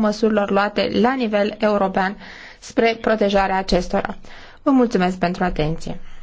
măsurilor luate la nivel european spre protejarea acestora. Vă mulțumesc pentru atenție.